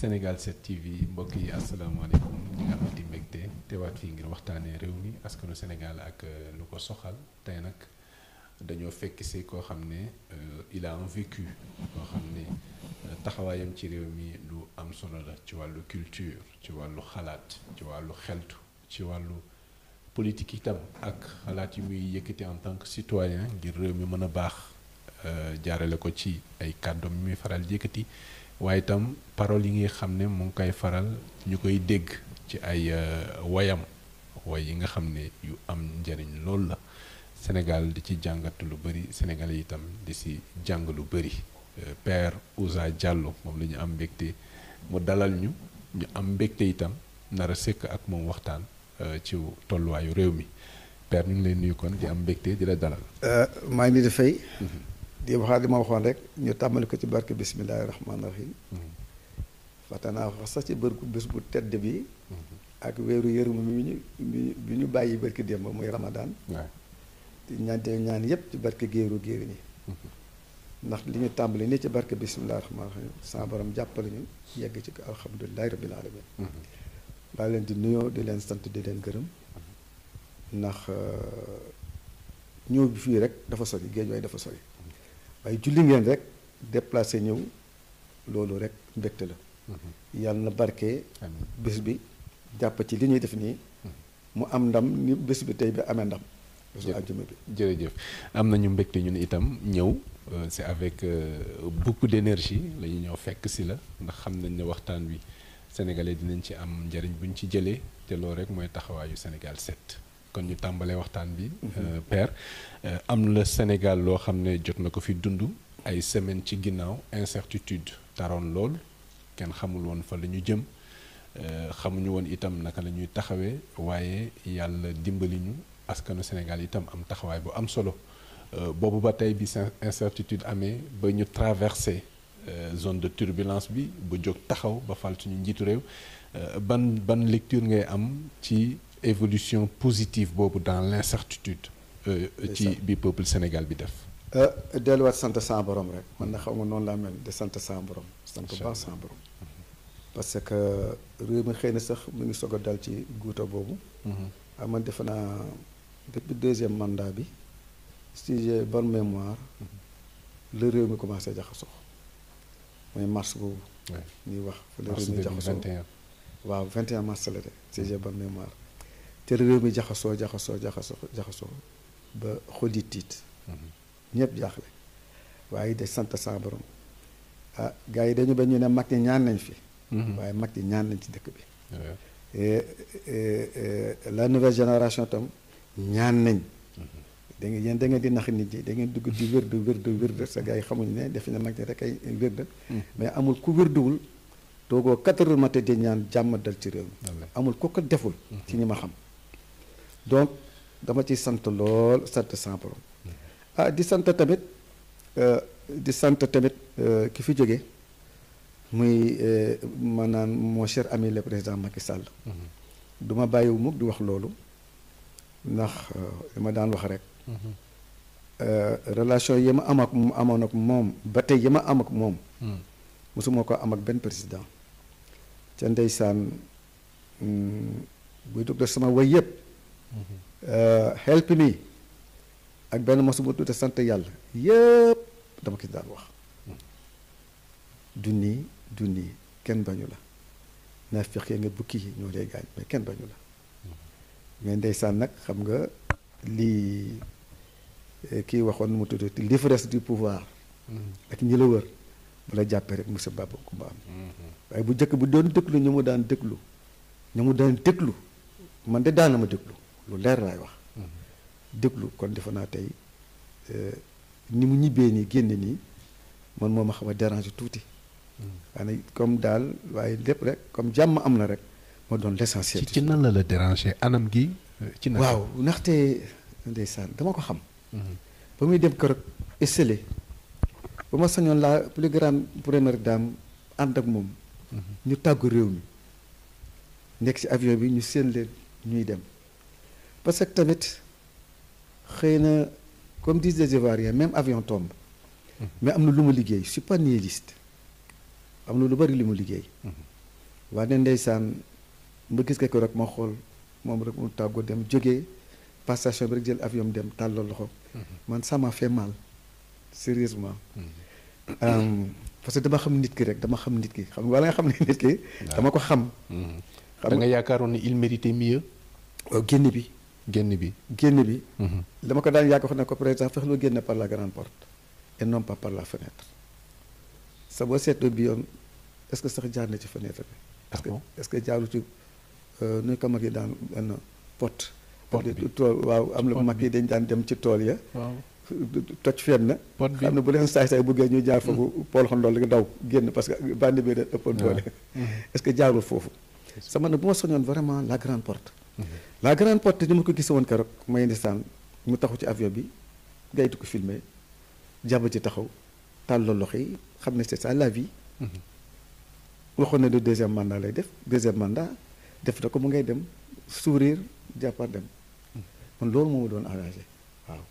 Sénégal 7 TV mbokk yi asalaamaaleykum ñi nga amati mbégte teewaat fii ngir waxtaanee réew mi askanu Sénégal ak euh, lu ko soxal tey nag dañoo fekk si koo xam ne euh, il a un vécu koo xam ne euh, taxawaayam ci réew mi lu am solo la ci wàllu culture ci wàllu xalaat ci wàllu xeltu ci wàllu politique itam ak xalaat yi muy yëkkati en tant que citoyen ngir réew mi mën a baax jaarale ko ci ay kàddoom mi muy faral yëkkati. waaye itam paroles yi nga xam ne mu ngi koy faral ñu koy dégg ci ay euh, wayam way yi nga xam ne yu am njëriñ loolu la Sénégal di ci jàngat lu bëri Sénégal itam di si jàng lu bëri euh, Père Ousa Diallo moom la am mbégte mu dalal ñu ñu am mbégte itam nar a sëkk ak moom waxtaan euh, ci tolluwaayu réew mi per ñu ngi lay nuyu kon di am mbégte di la dalal. di waxaat li ma waxoon rek ñu tàmbali ko ci barke bisimilahi rahmaani rahim fatanaa wax sax ci bërku bés bu tedd bi ak weeru yërëm ñu bàyyi barki démb muy ramadaan te ñaante ñaan yépp ci barke géeru géer ñi ndax li ñu tàmbali nii ci barke bisimilahi rahmaani rahim sa borom jàppale ñu yegg ci ko alhamdulilahi rabbil alamin maa leen di nuyoo di leen sant di leen gërëm ndax euh, ñëw bi fii rek dafa sori géej waay dafa sori waaye julli ngeen rek déplacé ñëw loolu rek mbégte la mhm. yàlla na barke bés bi jàpp ci li ñuy def nii mhm. mu am ndam ni bés bi tey bi amee ndam bésu àjjuma bi jërëjëf am nañu mbégte ñun itam ñëw euh, c'est avec euh, beaucoup d'énergie la ñu ñëw fekk si la ndax xam nañ ne waxtaan wi sénégalais dinañ ci am njariñ bu ñu ci jëlee te loolu rek mooy taxawaayu Sénégal set kon ñu tàmbalee waxtaan bi. Mhm. Euh, Père euh, am la Sénégal loo xam ne jot na ko fi dundu ay semaine ci ginnaaw incertitude taroon lool kenn xamul woon fa la ñu jëm euh, xamuñu woon itam naka la ñuy taxawee waaye yàlla dimbali ñu askanu Sénégal itam am taxawaay bu am solo boobu ba tey bi incertitude amee ba ñu traversé. zone de turbulence bi bu jóg taxaw ba fal ñu njiitu réew ban ban lecture ngay am ci évolution positive boobu dans l'incertitude euh, ci bi peuple Sénégal bi def euh, delluwaat sant sa borom rek man na xaw ma noonu laa mel de sant san borom sant bu baax sa borom parce que réew mi xëy na sax mu ngi soog a dal ci guuta boobu mhm. aman ah, def naa depuis deuxième mandat bi si j'ai bonne mémoire mhm. le réew mi commencé jaxasoo mooy mars boobu ñuy wax fa le réew mi jaxasoo waaw 21 mars la de si j'ai mémoire te réew mi jaxasoo jaxasoo jaxasoo jaxasoo ba xol yi tiit mm-hmm. ñëpp jaaxle waaye de sant sa borom ah yi dañu ba ñu ne mag ñi ñaan nañ fi mm-hmm. waaye mag ñi ñaan nañ ci dëkk bi eh, eh, eh, la nouvelle génération tam ñaan nañ mm-hmm. da ngeen yéen da ngeen di nax nit ñi da ngeen dugg di wérdu wérdu wérdu sa gars yi xamuñ ne def na mag ñi rek ay wérd mais amul ku wérduwul toogoo quatre heures matin di ñaan jàmm dal ci réew mi amul ku ko deful ci ñi ma xam donc dama ci sant lool sant sans ah di sant tamit euh, di sant tamit euh, ki fi jóge muy euh, maanaam mon cher ami le président Macky Sall. Mm-hmm. du ma bàyyiwu mukk di wax loolu ndax li ma daan wax rek mm-hmm. relation yi ma am ak amoon ak moom ba tey yi ma am ak moom mm. mosuma ko am ak benn président ca ndeysaan mm, buy dugg sama way yëpp Euh, help me ak benn mosu bu tuuti sant yàlla yëpp dama ko daan wax du nii du nii kenn bañu la naa fekkee nga bukki yi ñoo lay gaañ mais kenn bañu la mais ndeysaan nag xam nga lii eh, kii waxoon mu tudd l'ivresse du pouvoir ak ñi la wër bu la jàppee rek monsieur Baba Kumba am waaye bu njëkk bu doon déglu ñu mu daan déglu ñu mu daan déglu man de daana ma déglu lu leer laay wax déglu kon defe naa tey euh, ni mu ñibbee nii génne nii man moo ma xam a déranger tuuti waaye comme daal waaye lépp rek comme jàmm am na rek ma doon l'essentiel ci nan la la déranger anam gi euh, ci na waaw ndaxte ndeysaan dama ko xam mhm. ba muy dem kër esselé ba ma sañoon laa plus grande première dame ànd ak moom mhm. ñu tàggu réew mi nekk ci avion bi ñu seen leen ñuy dem parce que tamit xëy na comme disent les Ivoiriens même avion tombe mais am na lu ma liggéey je suis pas nihiliste am na lu bari li mu liggéey waa ne ndeysaan ma gis ko rek ma xool moom rek mu tàggoo dem jógee passation bi rek jël avion dem tàllal loxo man ça m'a fait mal sérieusement euh, parce que dama xam nit ki rek dama xam nit ki xam nga xam ne nit ki dama ko xam mhm. xam nga yaakaaroon ne il méritait mieux génn bi génn bi génn bi mhm. dama ko daan yàgg wax ne ko président fexe loo génn par la grande porte et non par la fenêtre sa boo bi yoon est-ce que sax jaar na ci fenêtre bi parce ah est-ce que jaaru ci euh, nuy ko mag yi daan benn porte tool waaw am la mag yi dañ daan dem ci tool ya toj fenn na xam ne bu leen saay saay buggee ñuy jaar foofu mm. pool xondool li daw génn parce que bandi bi da ëppoon ah. doole mm. est-ce que jaarul foofu sama ne bu ma soñoon vraiment la grande porte la grande porte ni ma ko gis woon keroog may ndeysaan mu taxu ci avion bi gaytu ko filmé jàpp ci taxaw tàllal loxo yi xam ne c'est ça la vie. Mm-hmm. waxoon na ne deuxième mandat lay def deuxième mandat def na ko mu ngay dem sourire jàppaat dem kon mm-hmm. loolu moo ma doon engagé waaw.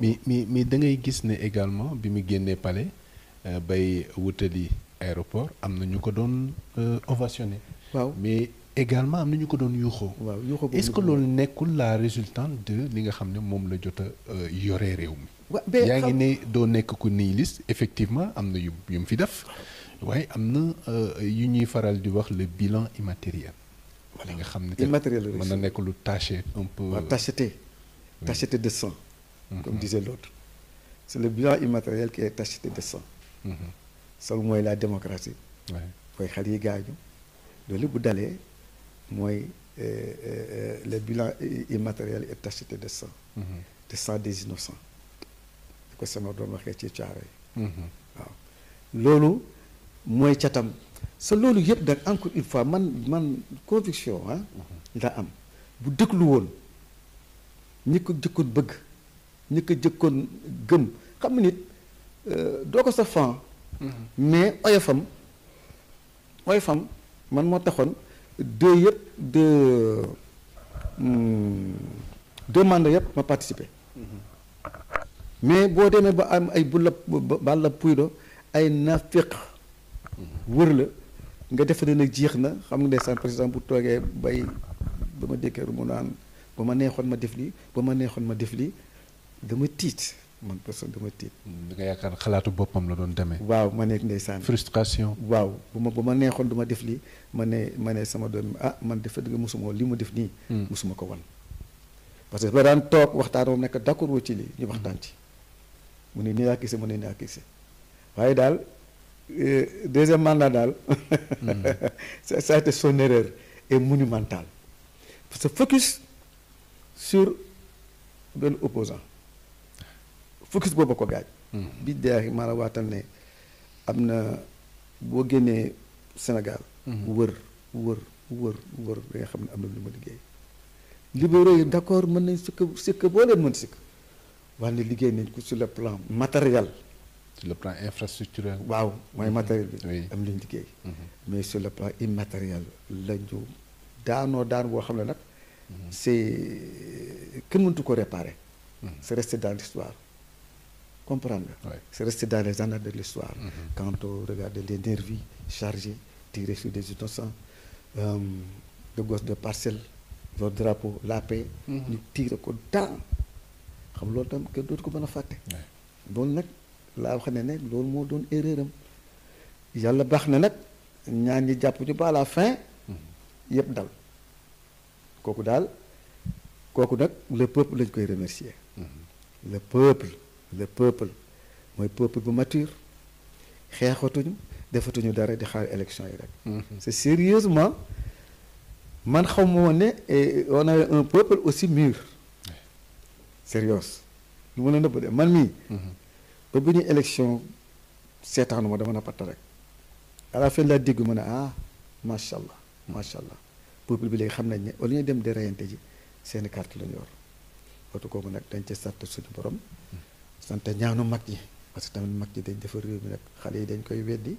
mi mi mi da ngay gis ne également bi mu génnee pale euh, bay wutali aéroport am na ñu ko doon euh, ovationné. waaw également am na ñu ko doon yuuxoo. waaw yuuxoo boobu est-ce que loolu nekkul la résultante de li nga xam ne moom la jot euh, yore réew mi. yaa ngi ne doo nekk ku nihiliste effectivement am na yu yu mu fi def waaye am na euh, yu ñuy faral di wax le bilan immatériel. li nga xam ne immatériel mën na nekk lu taché un peu. waaw tacheté de sang. comme mm-hmm. disait l'autre c'est le bilan immatériel qui est de sang. loolu mm-hmm. mooy la démocratie. waaye xel yi gaañu loolu bu dalee. mooy euh, euh, le bilan immatériel est tacheté de sang mm-hmm. de sang des innocents di ko sama doon waxee ci caaro yi mm-hmm. waaw loolu mooy catam sa loolu yëpp nag encore une fois man man conviction ah mm-hmm. la am bu déglu woon ñi ko jëkkoon bëgg ñi jëkkoon gëm xam nga nit euh, doo ko sa fan mais oyofam oyofam man moo taxoon deux yëpp deux hmm, deux mandats yëpp ma participé mm-hmm. mais boo demee ba am ay bulla balla puydo ay nafiq wër la nga defe ne nag jeex na xam nga ndeysaan par exemple bu toogee bay ba ma dékkee mu naan ba ma neexoon ma def lii ba ma neexoon ma def lii dama tiit man personne dama tiit. li nga yaakaar xalaatu boppam la doon demee. waaw ma nekk ndeysaan. frustration. waaw bu ma bu ma neexoon du def lii ma ne ma ne sama doom ah man dafa dëgg mosuma li ma def nii. mosuma hmm. ko wan. parce que ba daan toog waxtaan nekk d'accord wu ci lii ñu waxtaan ci. mu ne nii laa gisee mu ne nii laa waaye daal euh, deuxième mandat daal. Hmm. ça ça a été son erreur et monumentale parce que focus sur benn opposant focus boobu ko gaañ. Hmm. billaahi maa la waatal ne am na boo génnee Sénégal. Hmm. wër wër wër wër da nga xam ne am na lu ma liggéey. libéraux yi d' accord mën nañ sikk sikk boo leen mën sikk wàllu liggéey nañ ko sur le plan matériel. sur le plan infrastructurel. waaw mooy hmm. matériel bi. am luñ liggéey. mais sur le plan immatériel lañu daanoo daan boo xam ne nag. c' est kenn mëntu ko réparer. c' est resté dans comprendre nga. c'est resté dans les annales de l'histoire mm-hmm. quand on regarde les nervis chargés tirés sur des innocents euh, de gos de parcelles leur drapeau la paix. Mm-hmm. tiire ko dans xam loolu tam kenn dootu ko mën a fàtte. loolu nag laa wax ne ne loolu moo doon erreur am yàlla baax na nag ñaan ñi jàpp ñu ba la fin mm-hmm. yëpp dal kooku daal kooku nag le peuple lañ koy remercier. le peuple. le peuple mooy peuple bu mature xeexatuñu defatuñu dara di xaar élection yi rek. Mm-hmm. c'est sérieusement man xaw ma woon ne eh, on un peuple aussi mûr. sérieux lu ma la nëbb de man mii. Mm-hmm. ba bu ñuy élection seetaanu ma dama na patt rek. à la fin dégg ma ne ah macha allah mm-hmm. macha allah peuple bi léegi xam nañ ni au ñuy dem di reyante ji seeni carte la ñu yor kooku nag dañ ci sant suñu borom. sant ñaanu mag yi parce que tamit mag ñi dañ defar réew mi rek xale yi dañ koy weddi